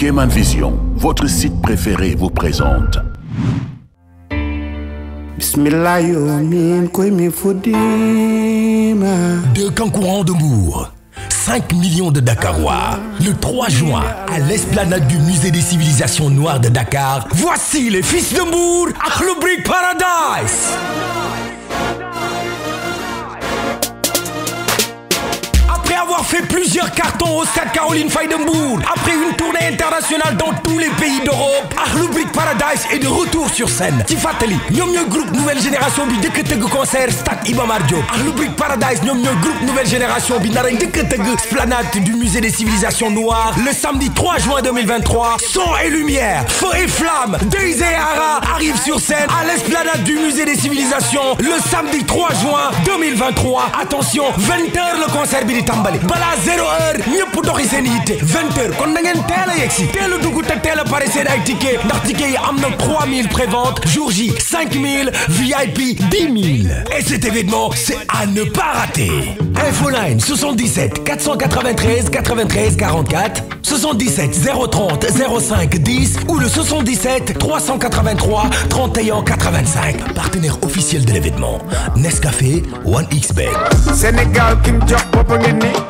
K-Man Vision, votre site préféré vous présente. Deux courants de Bourg, 5 millions de Dakarois. Le 3 juin, à l'esplanade du Musée des civilisations noires de Dakar, voici les fils de Mour, Akhloubrik Paradise. fait plusieurs cartons au stade Caroline Feidenbourg, après une tournée internationale dans tous les pays d'Europe, Akhlou Paradise est de retour sur scène. Tifateli fàttali Group groupe nouvelle génération bi njëkk concert stade Iba Paradise ñoom groupe nouvelle génération bi du musée des civilisations noires le samedi 3 juin 2023. Son et lumière, feu et flamme, de et Ara arrivent sur scène à l'esplanade du musée des civilisations le samedi 3 juin 2023. Attention, 20 h le concert bi Tambalé. Bala 0 heure mieux doxi seen 20 20 heures kon na ngeen a yegsi tel ou dugg te ticket ndax ticket yi 3000 prévente jour J 5000 VIP 10 000 et cet événement c'est à ne pas rater infoline 77 493 93 44 77 030 05 10 ou le 77 383 31 85 partenaire officiel de l'événement Nescafé One xbet Sénégal kim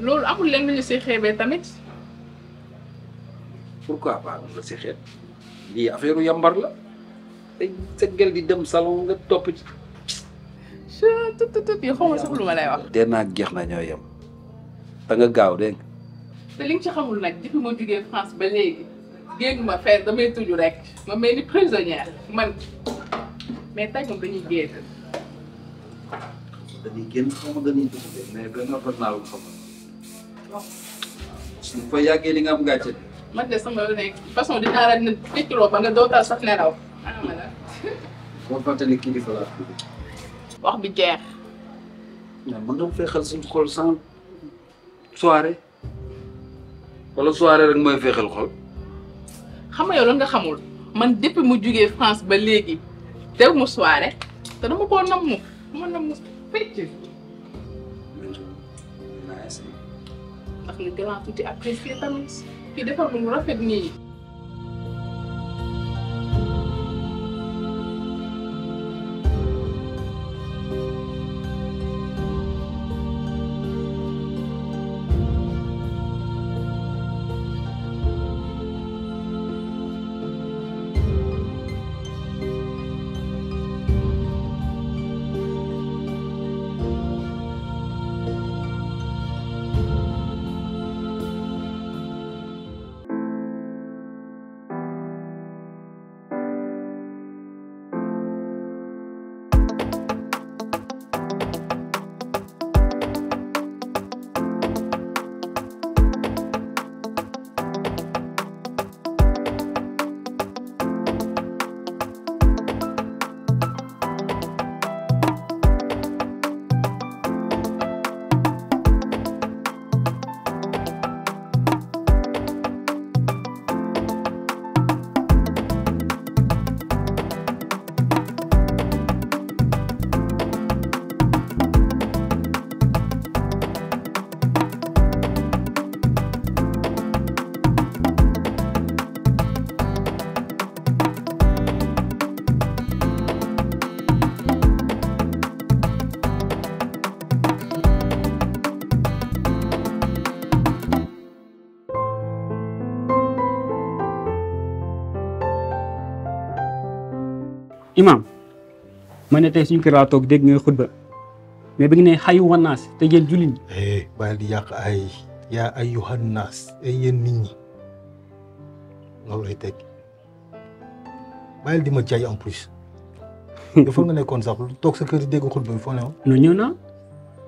loolu amul leen lu ñu si xeebee tamit. pourquoi pas nga si xeeb lii affaire yambar la te sa gel di dem salon nga topp ci. tut tut tut yi xaw ma lay wax. dee naa geex na ñoo yem da nga gaaw dégg nga. te li nga ci xamul nag depuis ma jugee France ba léegi génn damay tuju rek ma mel ni prisonnière man mais tey moom dañuy génn. dañuy génn xaw ma dañuy dugg mais benn affaire naa la ko suñ fa yàggee di nga am gàcce. man de sama nekk façon dinaa la ne picciroo ba nga dootal sax nelaw. boo fàttali kilifa laa wax bi jeex. waaw mën na mu fexeel suñu xol sans soirée wala soirée rek mooy fexeel xol. xam nga yow lan nga xamul man depuis mu jugee France ba léegi teew mu soirée te dama koo nam mu dama nam mu fecc. le talent tuuti apprécié tamit fii defar lu rafet nii. imaam ma ne tey suñu kër laa toog dégg nga xutba mais bi ngi ne xayu wannaas te jël jullit ñi. Eh, bàyyi di yàq ay yaa ayyuhan naas ay yéen nit ñi loolu lay tekki bàyyi di ma jaay en plus. dafa nga nekkoon sax toog sa kër dégg xutba bi foo ne woon. non ñëw naa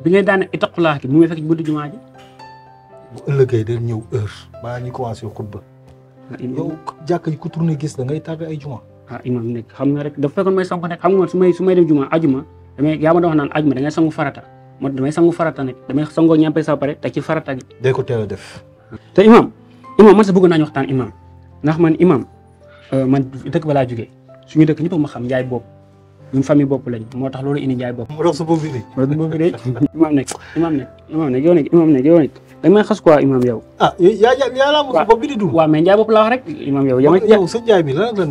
bi ngay daan itaqulaa ki mu ngi fekk ci buntu jumaa ji. bu ëllëgee dañ ñëw heure. baa ñu commencé xutba. Ah, yow jàkk ji ku tourné gis la ngay tàgg ay jumaa. ah imaam nekk xam nga rek dafa fekkoon may sangu nekk xam nga su may su may dem juma ajuma damay yaa ma doon wax naan ajuma da ngay sangu farata moo damay sangu farata nag damay sangoo ñàmpe sa pare teg ci farata gi day ko teel a def te imaam imaam man sax bëggoon naa ñu waxtaan imaam ndax man imaam euh, man dëkk ba laa jógee suñu dëkk ñëpp ma xam njaay bopp ñun famille bopp lañ moo tax loolu indi njaay bopp rox sa bopp bi de imaam nekk imaam nekk imaam nekk yow nekk imaam nekk yow nekk danga may xas quoi imaam yow ah yaa yaa laa mos bopp bi di dund waaw mais njaay bopp laa wax rek imaam yow yow sa njaay bi lan lan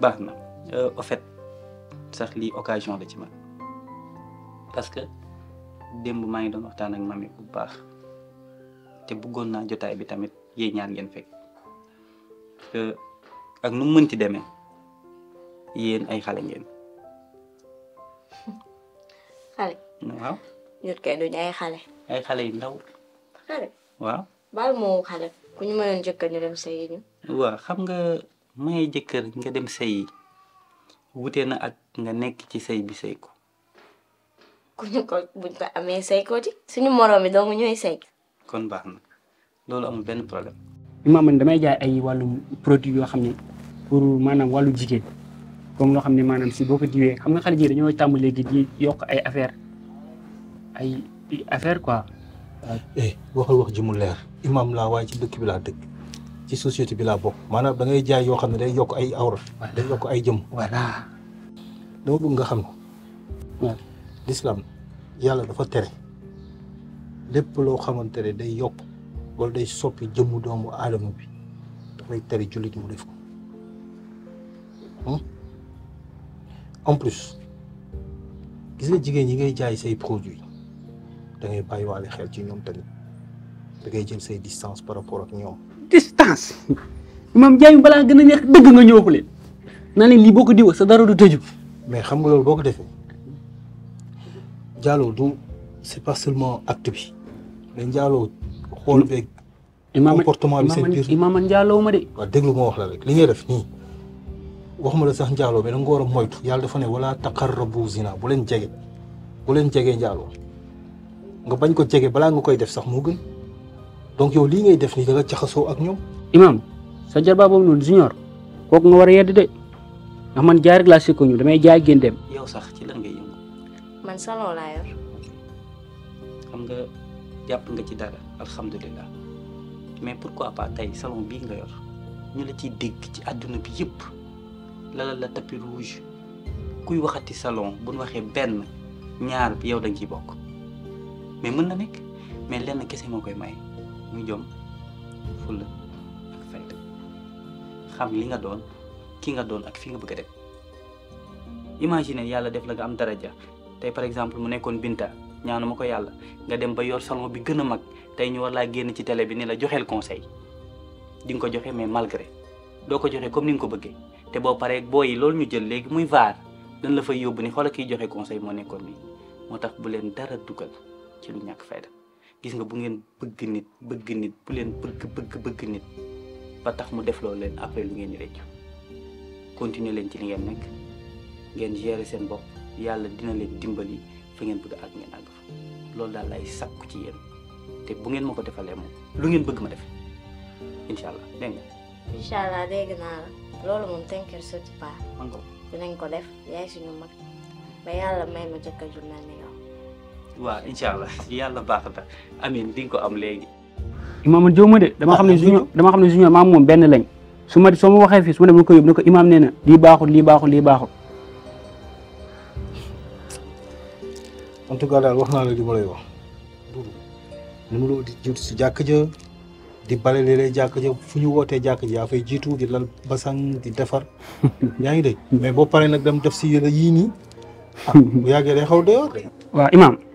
baax na en euh, fait sax lii occasion la ci man parce que démb maa ngi doon waxtaan ak mami bu baax te bëggoon naa jotaay bi tamit yéen ñaar ngeen fekk ak nu mu mënti demee yéen ay xale ngeen. xale. waaw. ñun kay duñu ay xale. ay yu ndaw. xale. waaw. baal moo xale ku ñu mënoon jëkk ñu dem sa yi xam nga. maye jëkkër nga dem sëyi wute na ak nga nekk ci sëy bi sëy ko ku ñu ko buñ ko amee sëy ko ci suñu moroom yi dong ñooy sëy kon baax na loolu amul benn problème bi ma damay jaay ay wàllum produit yoo xam ne pour maanaam wàllu jigéen comme loo xam ne maanaam si boo ko diwee xam nga xale ji dañoo tàmm léegi yokk ay affaire ay affaire quoi. eh wax ji mu leer imam laa waaye ci dëkk bi laa dëkk. ci société bi laa bokk maanaam da ngay jaay yoo xam ne day yokk ay awra day yokk ay jëm voilà dama bëgg nga xam ne l'islam yàlla dafa tere lépp loo xamante ne day yokk wala day soppi jëmmu doomu aadama bi dafay tere jullit mu def ko hmm? en plus gis nga jigéen yi ngay jaay say produit da ngay bàyyi waale xel ci ñoom tamit dangay ngay jël say distance par rapport ak ñoom distance maam jaay mi balaa gën a neex dëgg nga ñëw leen naa leen lii boo ko diwa sa dara du tëju. mais xam nga loolu boo ko defee jaaloo du c'est pas seulement acte bi mais Diallo xool beeg. comportement bi seen biir Imaam Imaam Diallo ma de. waaw déglu ma wax la rek li ngay def nii waxuma la sax Diallo mais da nga war a moytu yàlla dafa ne wala taqarrabu zina bu leen jege bu leen jege Diallo nga bañ ko jege balaa nga koy def sax moo gën. donc yow li ngay def ni da nga ak ñom imam sa jarba boobu noonu junior kooku nga wara yedd de ndax man jaar rek laa sikko ñu damay jaay gën dem yow sax ci la ngay yëngu man salon la yor xam nga japp nga ci dara alhamdulillah mais pourquoi pas tay salon bi nga yor ñu la ci dégg ci aduna bi yépp la la tapis rouge kuy waxati salon bu ñu waxé ben ñaar bi yow da nga ciy bokk mais mën na nek mais lenn kessé mo koy may muy jom fulla ak fayda xam li nga doon ki nga doon ak fi nga bëgg a dem imagine yàlla def la nga am daraja tey par exemple mu nekkoon Binta ñaanu ma ko yàlla nga dem ba yor salon bi gën a mag tey ñu war laa génn ci tele bi ni la joxeel conseil di nga ko joxe mais malgré doo ko joxe comme ni nga ko bëggee te boo paree boo yi loolu ñu jël léegi muy vaar dañ la fay yóbbu ni xoola kiy joxe conseil moo nekkoon nii moo tax bu leen dara dugal ci lu gis nga bu ngeen bëgg nit bëgg nit bu leen bëgg bëgg bëgg nit ba tax mu def loolu leen après lu ngeen réccu continuer leen ci li ngeen nekk ngeen gérer seen bopp yàlla dina leen dimbali fa ngeen bëgg ak ngeen àgg fa loolu daal lay sakku ci yéen te bu ngeen ma ko defalee moom lu ngeen bëgg ma def incha allah dégg nga incha allah dégg naa la loolu moom tënkër sotti paa dinañ ko def yaay suñu mag ba yàlla may ma jëkkër ju mel waaw incha allah yàlla baax na amin di nga ko am léegi. imaam man jëwuma de dama xam ne junior dama xam ne junior maam moom benn lañ su ma soo ma waxee fii su ma ko yóbbu na ko imaam nee na lii baaxul lii baaxul lii baaxul. en tout daal wax naa la li ma lay wax. mënuloo di jiitu si jàkk ja di bale léeg-léeg fu ñu wootee jàkk ja yaa fay jiitu di lal basang di defar yaa ngi dégg mais boo paree nag dem def si yële yii nii. Ah, bu yàggee day xaw a doy waar.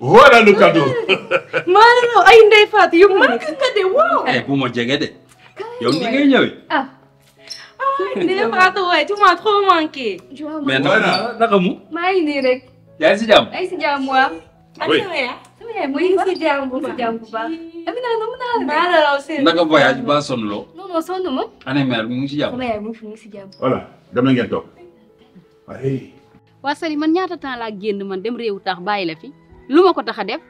voilà le cadeau. maanaam ay ndey Fatou yu mu nekk nga de waaw. Eh, bu ma jege de. yow ni ngay ñëwee. ah, ah ndey Fatou waaye tu m'as trop manqué. mais naka naka mu. maa ngi nii rek. yaa ngi si jàmm. Ah, yaa ngi si jàmm waaw. oui mu ngi si jàmm bu baax. Amina nu mu naa la. maa la raw seen. naka voyage ba sonn loo. non non sonn ma. ana mère mu ngi si jàmm. sama yaay mu ngi si jàmm. voilà dem na ngeen toog. waaye. wa sari man ñaata temps la genn man dem rew tax bayila fi luma ko taxa def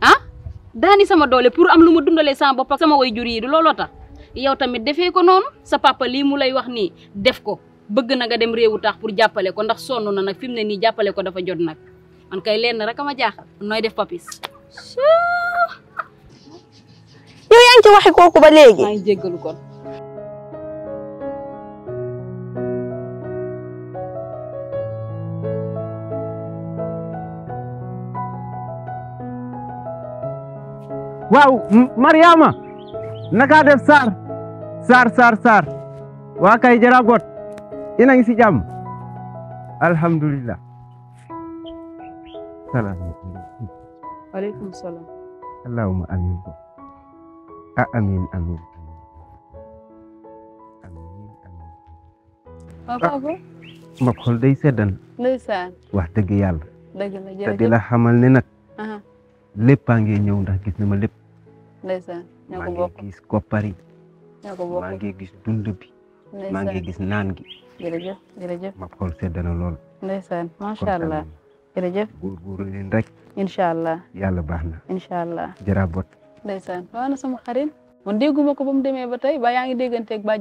ah Dani sama doole pour am luma dundale sa sama ak sama way juri du lolo tax yow tamit defé ko non sa papa li mu lay wax ni def ko bëgg na nga dem rew tax pour jappalé ko ndax sonu na nak fimné ni jappalé ko dafa jot nak man kay lenn rek ma jaaxal noy def papis yow yang ci waxi koku ba légui maa jéggalu kon waaw Mariama naka def Sarr Sarr Sarr Sarr waa kay jara got ina ngi si jàmm alhamdulilah salaamaaleykum waaleykum salaam allahuma amin ko a amin amin amin amin papa ma ah. xol day seddan ndeysaan wax dëgg yàlla dëgg la jërëjëf te di la xamal ne nag léppaa ngi ñëw ndax gis na ma lépp. bokk maa ngi gis koppar maa ngi gis dund bi. maa ngi gis naan gi. allah jërëjëf leen rek. incha allah yàlla baax na. incha allah ndeysaan na sama xarit. man dégguma ko ba mu demee ba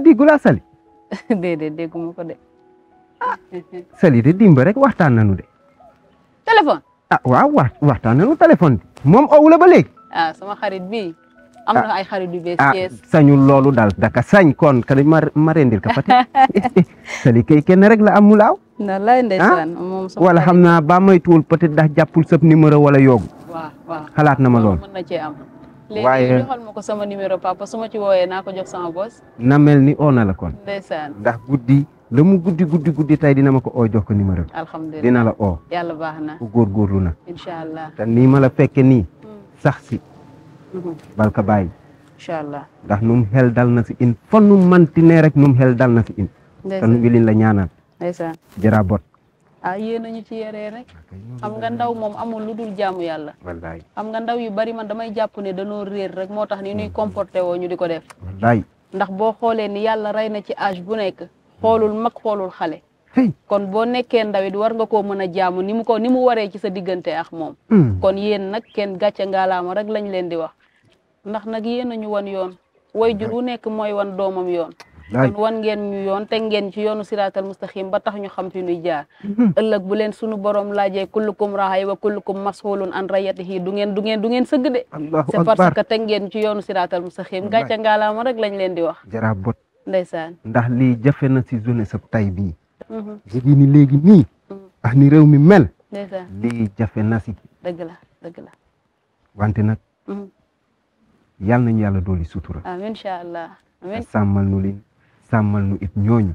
di Sali. déedéet de. ah Sali de dimba rek waxtaan a ah, waaw wa waxtaan nañu téléphone bi moom owu la ba léegi. ah sama xarit bi am ah, ay xarit yu bees ah, sañul loolu daal daka sañ kon ka ma ma rendir ka Fatick sali kay kenn rek la amul aw. wallaay xam naa ba moytuwul peut-être ndax jàppul sab numéro wala yoogu. xalaat na ma lool mën na cee am. mel ni oo na ndax guddi. lamu mu guddi guddi guddi tey dina mako o jox ko numéro alhamdullilah dina la o yalla baxna na ku góorgóorlu na incha allah te fekke ni mm. sax si mm-hmm. balka bàyyi inshallah ndax num hel dal na si in fonu mantine rek num hel dal na si in tan nu ngi leen la ñaanal ndeysaan jara bot ah yéen a ñu ci yere rek ah, xam nga ndaw mom amul lu jaamu yalla wallahi xam nga ndaw yu bari man damay japp ne dañu reer rek motax ni ñuy mm. comporté wo ñu diko def wallahi ndax bo xolé ni yalla rayna ci âge bu nek xoolul mag xoolul xale kon boo nekkee ndawit war nga koo mën a jaamu ni mu ko ni mu waree ci sa diggante ak moom mm. kon yéen nag kenn gàcce ngaalaama rek lañ leen di wax ndax nag yéen a ñu wan yoon way jur wu nekk mooy wan doomam yoon kon wan ngeen ñu yoon te ngeen ci yoonu siraatal mustaqim ba tax ñu xam fi ñuy jaar mm-hmm. ëllëg bu leen sunu borom laajee kullukum raay wa kullukum mas'ulun an rayatihi du ngeen du ngeen du ngeen sëgg de c'est parce te ngeen ci yoonu siraatal mustaqim gàcce ngaalaama rek lañ leen di wax ndeysaan ndax lii jafe na si zone sa tay bii mhm. jigéen ñi léegi nii mhm. a ni réew mi mel lii jafe nasi si dëgg wante nag mhm. yal nañu yàlla dooli sutura amiin incha allah sàmmal nu leen sàmmal nu it ñooñu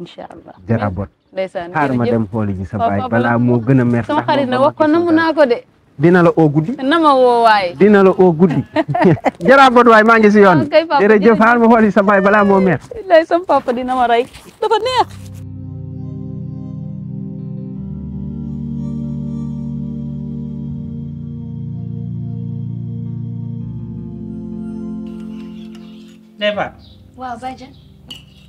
incha allah jarabot ndeysaan xaar ma dem xooli ji sa baay balaa moo gën a mer na wax naa ko de dina la oo guddi nama wo way waay dina la oo guddi jara Badou way maa ngi si yoon ah, jeuf xaar mo holi sa bay bala mo meer lay sam papa dina ma rey dafa neex leba wa waaw Badiane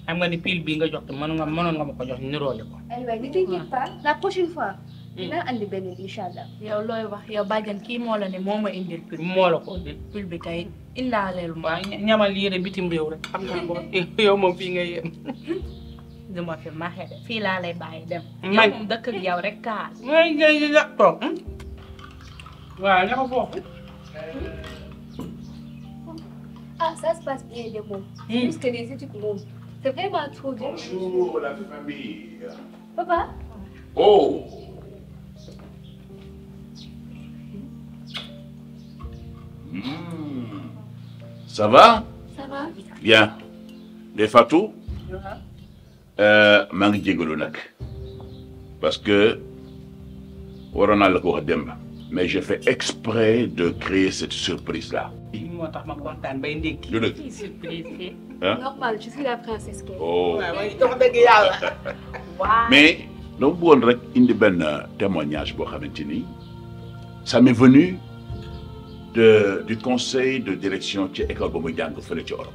xam nga ni pile bii nga jox te manu nga manon nga mako jox ni ma ko ay way ni niroole pa la prochaine fois Mm. dina andi benn incha allah. yow looy wax yow bàjjan kii moo ne moo indil pul. moo la ko indil pul bi tey indaaleel ma. waaw ñamal yére bitim réew rek xam naa ko yow moom fii nga yem. du ma fi maxe de fii laa lay dem. yow moom dëkk ak yow rek kaas. mooy ngay di la toog. Hmm? waaw ña ko foofu. ah ça se passe bien de moom. Hmm. Ça va Ça va. Bien. Les Fatou euh, Parce que. Mais j'ai fait exprès de créer cette surprise-là. Hein? Normal, je suis la princesse. Oh. Mais, un témoignage, ça m'est venu de, du conseil de direction ci école ba muy jàng fële ci Europe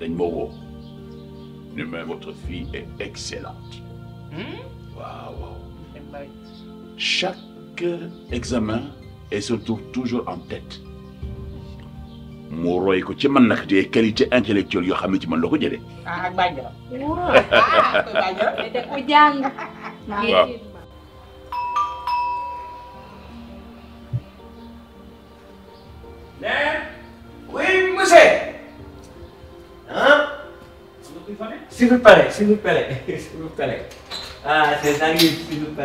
dañ ma votre fille est excellente Wow! Hmm? waaw chaque examen est surtout toujours en tête Moro iko ci man nak des qualités intellectuelles yo xamni ci man la ko ah ak Banjara. waaw ah ak Banjara. da ko jàng. si vous plaît s'il vous plaît s'il vous plaît ah c'est dingue s'il vous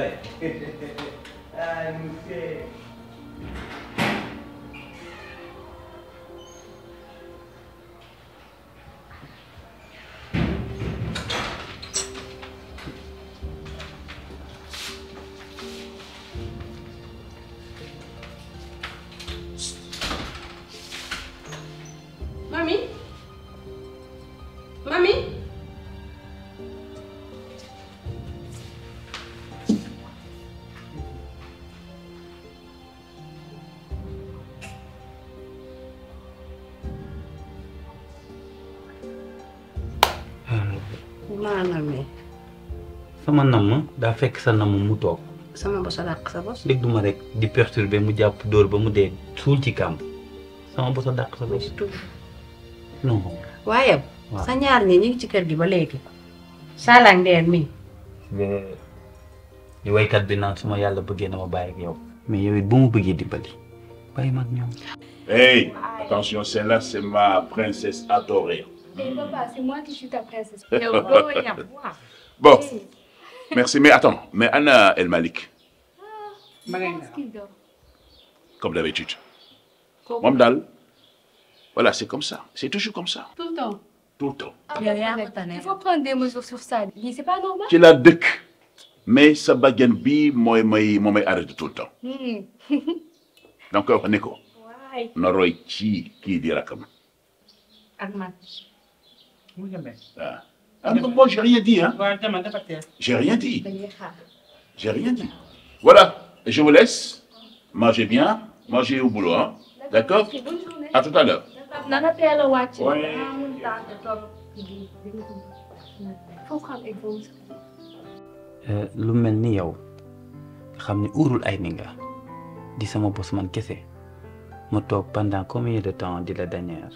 sama namm daa fekk sa namm mu tok sama boss a sa boss deg du rek di perturber mu japp dor ba mu dee sul ci kàmb sama boss a dàq sa bos. non. waye sa ñaar ni ñi ci kër gi ba léegi. Saalaang Ndeer mi. li waykat bi naan suma yalla bëggee na ma baye ak yow. mais yow it bu mu bëggee di bàyyi baye mak ñom hey attention celle-là c'est ma princesse adorée. mais eh, papa c'est moi qui suis ta princesse. bon. Merci, mais attends, mais Anna El Malik. Comme d'habitude. Mamdal. Voilà, c'est comme ça. C'est toujours comme ça. Tout le temps. Tout le temps. Ah, il faut prendre des mesures sur ça. C'est pas normal. Tu la duc. Mais sa va bien moi, moi, moi, arrête tout le temps. Hmm. Donc, on est qui qui dira comment? Agman. Oui, jamais ah, moi, j'ai rien dit. Hein. hein. J'ai rien dit. Ben, j'ai rien dit. Voilà, je vous laisse. Mangez bien, mangez au boulot. Hein. D'accord À tout à l'heure. pendant combien de temps de la dernière?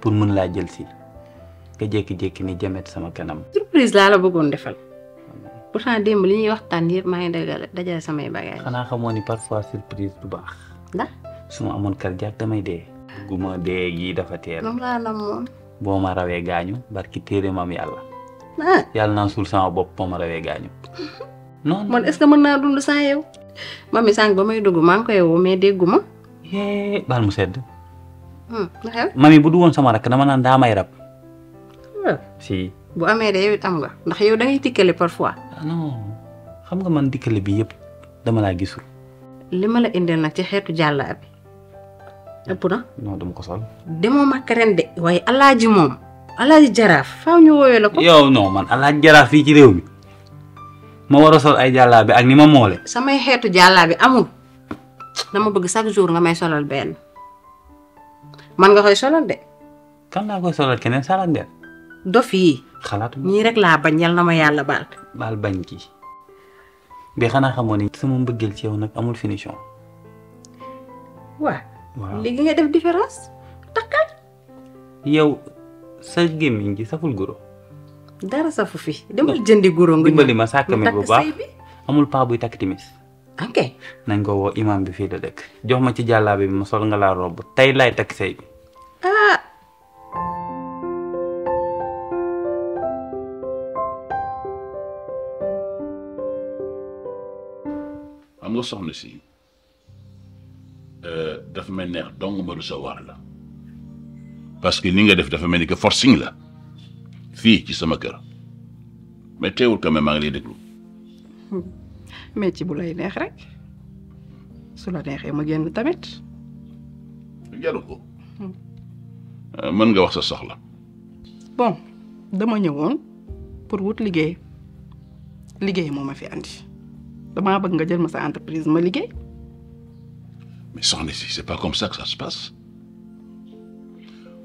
pour mën laa jël si nga jékki-jékki ni jamet sama kanam. surprise laa la bëggoon defal pourtant démb li ñuy waxtaan yëpp maa ngi dajale dajale samay bagage xanaa xamoo ni parfois surprise du baax. ndax su ma amoon cardiaque damay dee. gu ma dee yii dafa teel. moom laa la moom. boo ma rawee gaañu barki téere maam yàlla. Ah. yàlla naa sul sama bopp boo ma rawee gaañu. non man est ce que mën naa dund sans yow. mami sànq ba may dugg maa ngi koy woo mais dégguma ma. yee baal mu sedd. Hmm, mami bu du sama rakk dama naan daa may rab. si. bu amee de yow it udah nga ndax yow da ngay dikkale parfois. non xam nga man dikkale bi yëpp dama laa gisul. Lima ma la indil nag ci xeetu jàllaa bi ëpp na. non dama ko sol. demoo màkk ren de waaye alaaji moom alaaji jaraaf faaw ñu la ko. yow non man alaaji jaraaf fii ci réew mi ma war sol ay jàllaa bi ak ni ma moole. samay xeetu jàllaa bi amul dama bëgg chaque jour nga may solal benn man nga koy solal de. kan la koy solal keneen salal de do fi xalaatu ñii rek la bañ yal na ma yalla bal bal bañ ki bi xana xamone sama mbeugel ci yow nak amul finition. wa li nga def différence takal yow sa gémmiñ gi saful guro. dara safu fi. demal jëndi guro nga dimbali ma sàkk bu baax amul pa buy takk timis ok nañ ko wo imam bi fi la dekk jox ma ci jàllaabe bi ma sol nga la robb tay lay tak sey bi ah am nga soxna si euh, dafa mel neex dong ma recevoir la parce que ni nga def dafa mel ni que forcing la fi ci sama kër mais teewul quand même ma ngi lay déglu hmm. mais ci bu lay neex rek su la neexee ma génn tamit. jaru ko. Hmm. Euh, mën nga wax sa soxla. bon dama ñëwoon pour wut liggéey liggéey moo ma fi andi bëgg nga jël ma sa entreprise ma mais soxna si c'est pas comme ça que ça se passe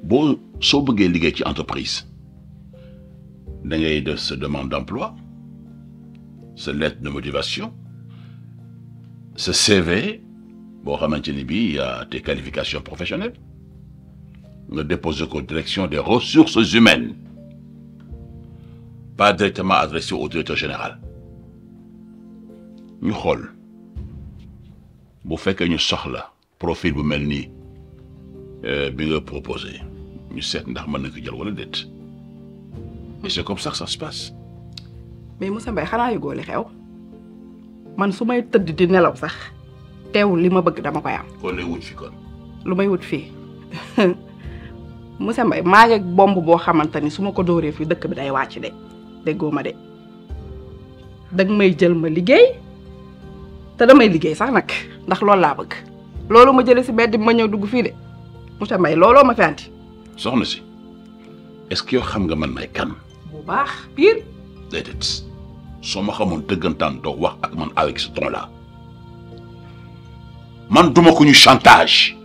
boo vous bëggee liggéey ci entreprise da ngay def demande d'emploi sa lettre de motivation ce CV, bon, il y a tes qualifications professionnelles. Ne dépose qu'aux direction des ressources humaines. Pas directement adressé au directeur général. Nous rôle. Vous faites que nous sortons là, profil vous nous ni, bien proposé. Nous sommes dans le Mais c'est comme ça que ça se passe. Mais Moussa Mbaye, go xew man su may tëdd di nelaw sax teewul li ma bëgg dama koy am. kon lay lu may wut fii monsieur Mbaye maa ngi bomb boo xamante ni su ma ko dooree fii dëkk bi day wàcc de déggoo ma de danga may jël ma liggéey te damay liggéey sax nag ndax loolu laa bëgg. loolu ma jëlee si mbedd bi ma ñëw dugg fii de monsieur Mbaye looloo ma fi anti. soxna si est yow xam nga man may kan. bu baax pire. déedéet. soo ma xamoon dëggantaan doo wax ak man avec ce ton là man duma ko ñu chantage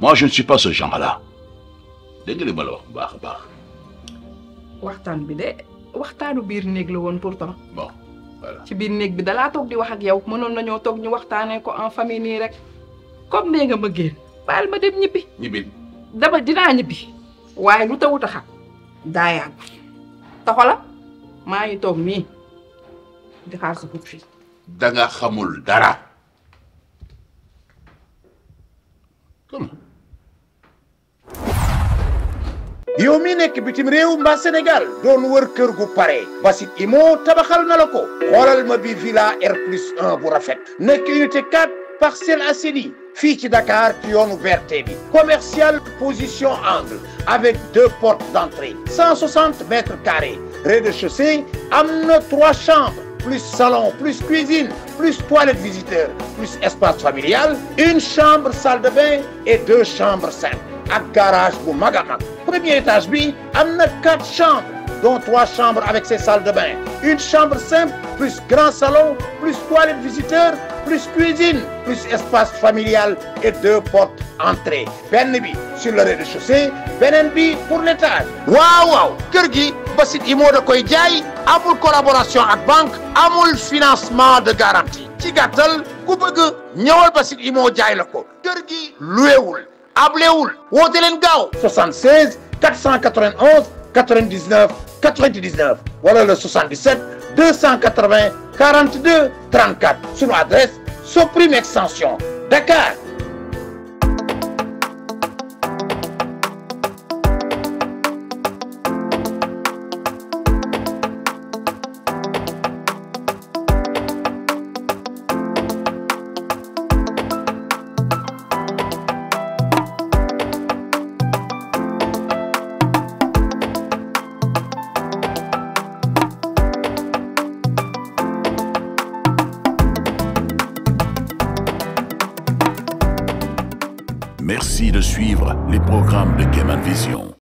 moi je ne suis pas ce genre là dégg nga li ma la wax bu baax baax. waxtaan bi de waxtanu bir néeg la woon pourtant. bon voilà ci bir néeg bi da la tok di wax ak yow mënoon nañu tok ñu waxtane ko en famille ni rek comme nee nga ma génn bal ma dem ñibi ñibbi dama dinaa ñibbi. waaye lu tawut a xam daa yàgg taxala maa ngi toog nii di xaar sa coup Khamul dara. yow mi qui bitim réew Sénégal Don wër kër gu basit imo tabaxal nalako. la bi villa R plus 1 pour rafet Nek unité 4 Parcelles Assainies fii ci Dakar pion ouvert commercial position angle avec deux portes d'entrée 160 mètres carrés rez-de-chaussée Amne trois chambres plus salon, plus cuisine, plus toilette visiteur, plus espace familial, une chambre salle de bain et deux chambres simples à garage pour Magamak. premier étage B, on quatre chambres dont trois chambres avec ses salles de bain une chambre simple plus grand salon plus toilette visiteur plus cuisine plus espace familial et deux portes entrées. Ben sur le rez-de-chaussée Ben pour l'étage Waouh, waouh, Kirgi! basit Imo da koy jaay amul collaboration ak banque amul financement de garantie ci gattal ku bëgg ñëwal basit Imo jaay la ko kër gi wote len gaaw 76 491 99 99 Voilà le 77 280 42 34 sur adresse prime extension Dakar